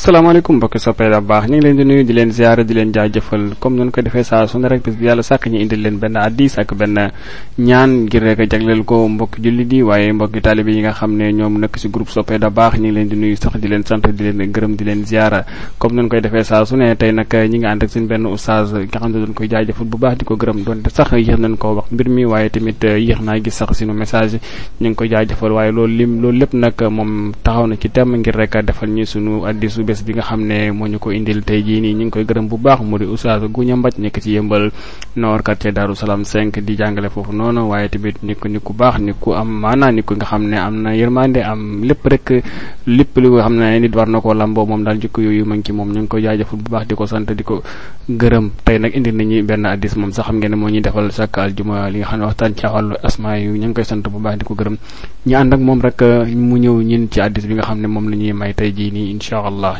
asalaamaaleykum mbokki soppee da baax ñu ngi leen di nuyu di leen ziyaara di leen jaajëfal comme noonu ko defee saa su ne bi yàlla sàkk ñu indil leen benn addis ak benn ñaan ngir rek jagleel ko mbokki julli di waaye mbokki taalibe yi nga xam ne ñoom nekk ci groupe soppee da baax ñu ngi leen di nuyu sax di leen sant di leen gërëm di leen ziyaara comme noonu koy defee saa su ne tey nag ñi ngi ànd ak seen benn oustaz nga xam ne doon koy jaajëfal bu baax di ko gërëm doonte sax yéex ko wax mbir mi waaye tamit yéex naa gis sax sunu message ñu ngi koy jaajëfal waaye loolu lim loolu lépp nag moom taxaw na ci tem ngir rek defal ñi sunu addis bés bi nga xam ne moo ñu ko indil tey jii nii ñu ngi koy gërëm bu baax mu di oustaz Guña Mbaj nekk ci yëmbal noor quartier Darou di jàngale foofu noonu waaye tamit nit ku nit ku baax nit ku am maanaa nit ku nga xam ne am na yërmande am lépp rek lépp li nga ne nit war na koo lamboo moom daal jikko yooyu ma ngi ci moom ñu ngi koy jaajëfal bu baax di ko sant di ko gërëm tey nag indil nañu benn addis moom sax xam ngeen ne moo ñu defal chaque aljuma li nga xam ne waxtaan ci wàllu asma yu ñu ngi koy sant bu baax di ko gërëm ñu ànd ak moom rek mu ñëw ñin ci addis bi nga xam ne moom la ñuy may tey jii nii incha allah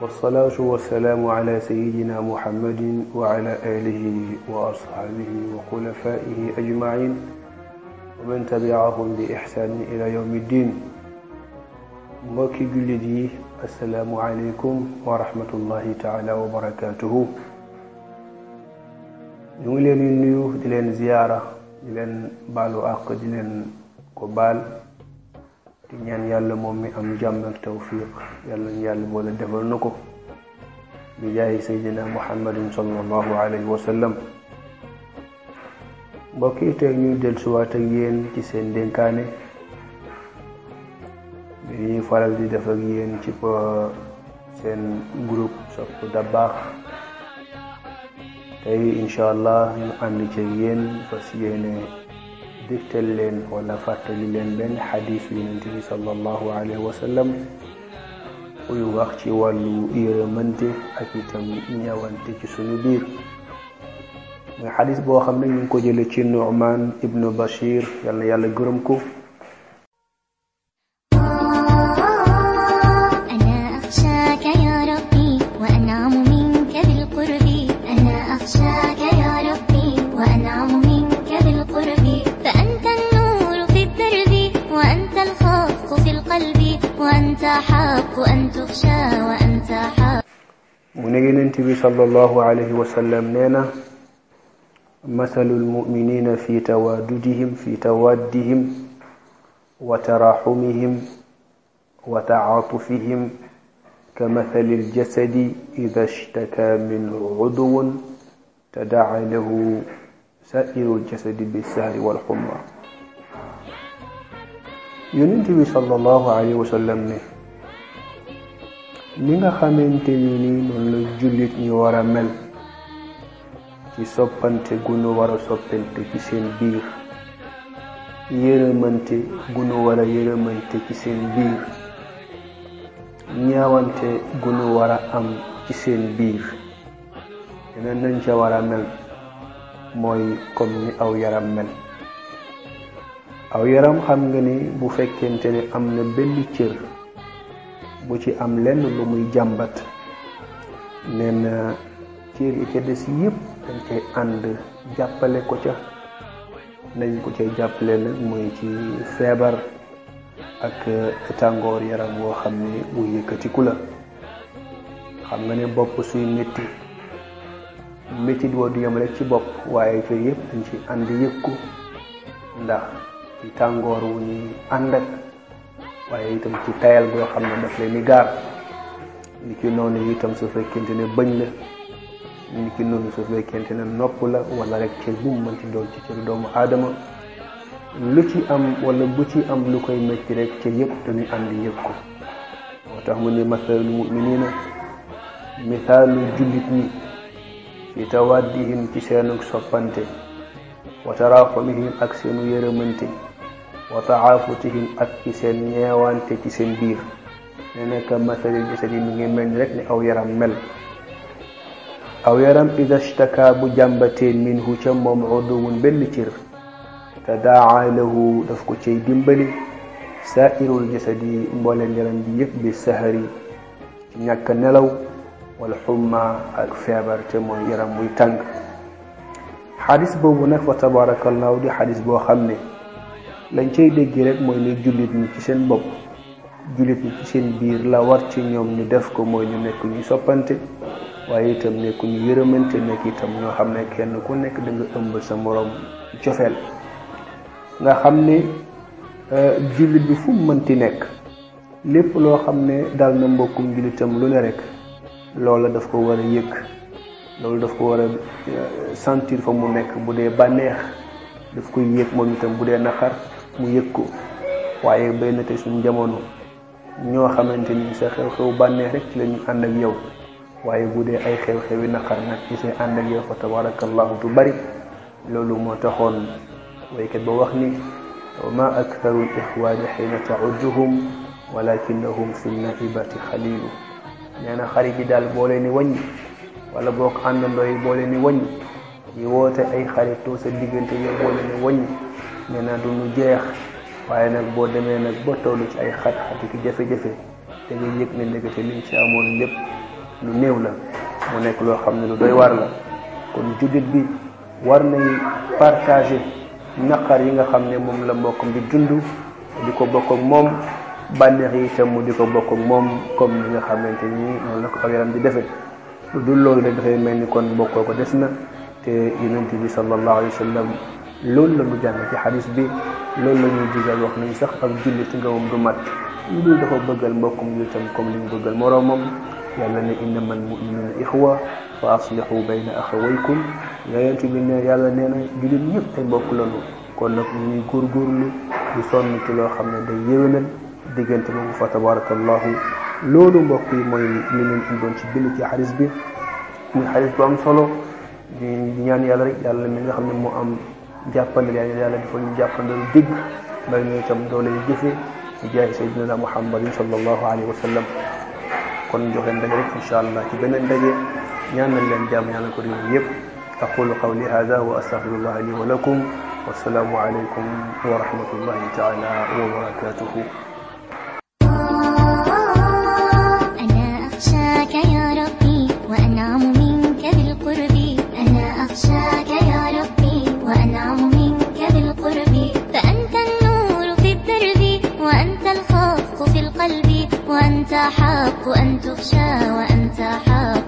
والصلاة والسلام على سيدنا محمد وعلى آله وأصحابه وخلفائه أجمعين ومن تبعهم بإحسان إلى يوم الدين mbokki jullit yi asalaamualeykum wa rahmatullahi taala wa barakaatuhu ñu ngi leen di nuyu di leen ziyaara di leen baalu àq di leen ko baal di ñaan yàlla moom mi am jàmm ak yàlla ñu yàlla boole defal na ko bi jaayi sayyidina muhammadin sallallahu alayhi wa sallam mbokk yi tey ñuy dellusiwaat ci seen dénkaane bi ñuy faral di def ak yéen ci seen group Safou Dabakh tey incha allah ñu ànd ci yéen fas yéene dégtal leen wala fàttali leen benn xadis yonent bi sallallahu alayhi wa sallam wax ci wàllu yërëmante ak itam ñawante ci suñu biir muy xadis boo xam ne ñu ngi ko jële ci Nu'man ibnu Bashir yal na yàlla gërëm ko mu ne yonent bi sallallahu alayhi wa sallam nee na masalul muminina fi tawaadudihim fi tawaddihim wa taraxumihim wa tacaatufihim ka masalil jasadi ida ishtaka minhu cudwun tadaca lahu saairul jasadi bissahri walxumma yonent bi sallallahu alayhi wa sallam ne li nga xamante ni nii noonu la jullit ñi war a mel ci soppante gunu war a soppante ci seen biir yërëmante gunu war a yërëmante ci seen biir ñaawante gunu war a am ci seen biir yeneen nañ ca war a mel mooy comme ni aw yaram mel aw yaram xam nga ni bu fekkente ne am na benn cër bu ci am lenn lu muy jàmbat nee ci cër yi ca yëpp dañ koy ànd jàppale ko ca nañ ko cay jàppale nag mooy ci feebar ak euh, tàngoor yaram woo xam ne bu yëkkatiku la xam nga ne bopp suy métti métti woo du yem ci bopp waaye cër yëpp dañ ci ànd yëg ndax ci wu ñuy ànd waaye itam ci tayal boo xam ne daf leen di gaar ni ki noonu itam su fekkente ne bëñ la ni ki noonu su fekkente ne nopp la wala rek cër bu mu mën ci doon ci doomu aadama lu ci am wala bu ci am lu koy métti rek ca yëpp dañu ànd yëpp ko moo tax mu ne masalul muminina misaalu jullit ñi fi tawaddihim ci seenug soppante wa taraxumihim ak seenu yërëmante wa taafutihim ak ci seen ñeewante ci seen biir ne nekk masali jasadi mi ngi mel ni rek ni aw yaram mel aw yaram ida shtaka bu jàmbatee minhu ca moom uduwun benn cër tadaa lahu daf ko cay dimbali saairul jasadi mbooleen yaram bi yëpp bi sahari ci ñàkk nelaw wal xumma ak feebar te mooy yaram muy tàng xadis boobu nag fa tabarakallahu di xadis boo xam ne lañ cay dégg rek mooy ne jullit ñi ci seen bopp jullit ñi ci seen biir la war ci ñoom ñu def ko mooy ñu nekk ñu soppante waaye itam nekk ñu yërëmante nekk itam ñoo xam ne kenn ku nekk da nga ëmb sa moroom cofeel nga xam ne euh, jullit bi fu mu mënti nekk lépp loo xam ne dal na mbokkum jullitam lu ne rek loola daf ko war a yëg loolu daf ko war a euh, sentir fa mu nekk bu dee bànneex daf koy yëg moom itam bu dee naqar mu yëg ko waaye béy na te suñ jamono ñoo xamante ni sa xew-xew bànnee rek ci la ñu ànd ak yow waaye bu dee ay xew-xewi naqar nag ci say ànd ak yow fa tabarakallahu du bari loolu moo taxoon waykat ba wax ni wa ma aktharu l ixwaani xiina taudduhum walakinahum fi naibati xalilu nee na xarit yi daal boo leen ni wàññi wala boog àndandoo yi boo ni wàññi woote ay xaritoo sa diggante yow boo leen ni nee na du jeex waaye nag boo demee nag ba tollu ci ay xat-xat ki jafe-jafe da ngay yëg ne ndekete liñ ci amoon lépp lu néew la mu nekk loo xam ne lu doy war la kon jullit bi war nañu partager naqar yi nga xam ne moom la mbokkam bi dund di ko bokk moom bànneex yi itam mu di ko bokk moom comme li nga xamante ni noonu la ko aw yaram di defee lu dul loolu rek dafay mel ni kon bokkoo ko des na te yonent bi sallallahu alayhi wa sallam lool la ñu jàng ci xadis bi loolu la ñuy digal wax nañ sax ak jullit ngawam du mat lu dul dafa bëggal mbokkum jullitam comme li mu bëggal moroomam yàlla ne innama al muminuuna ixwa fa aslihu bayna a yonent bi ne yàlla nee na jullit ñëpp ay mbokk lañu kon nag ñuy mi di sonn ci loo xam ne day yéwénal diggante boobu fa tabarakallahu loolu mbokk yi mooy li leen indoon ci bind ci xadis bi muy xadis bu am solo di ñaan yàlla rek yàlla mi nga xam ne moo am jàppale leen yàlla dafa ñu jàppandal dégg may ñu itam doole yu jëfe di jaay sayyidina muhammadin sallallahu alayhi wa sallam kon jox leen daje rek incha allah ci beneen daje ñaanal leen jàmm ñaanal ko réew yëpp aqulu qawli hada wa astaghfirullah li wa lakum والسلام عليكم ورحمة الله تعالى وبركاته أنا أخشاك يا ربي وأنعم منك بالقرب أنا أخشاك أنت حق أن تخشى وأنت حق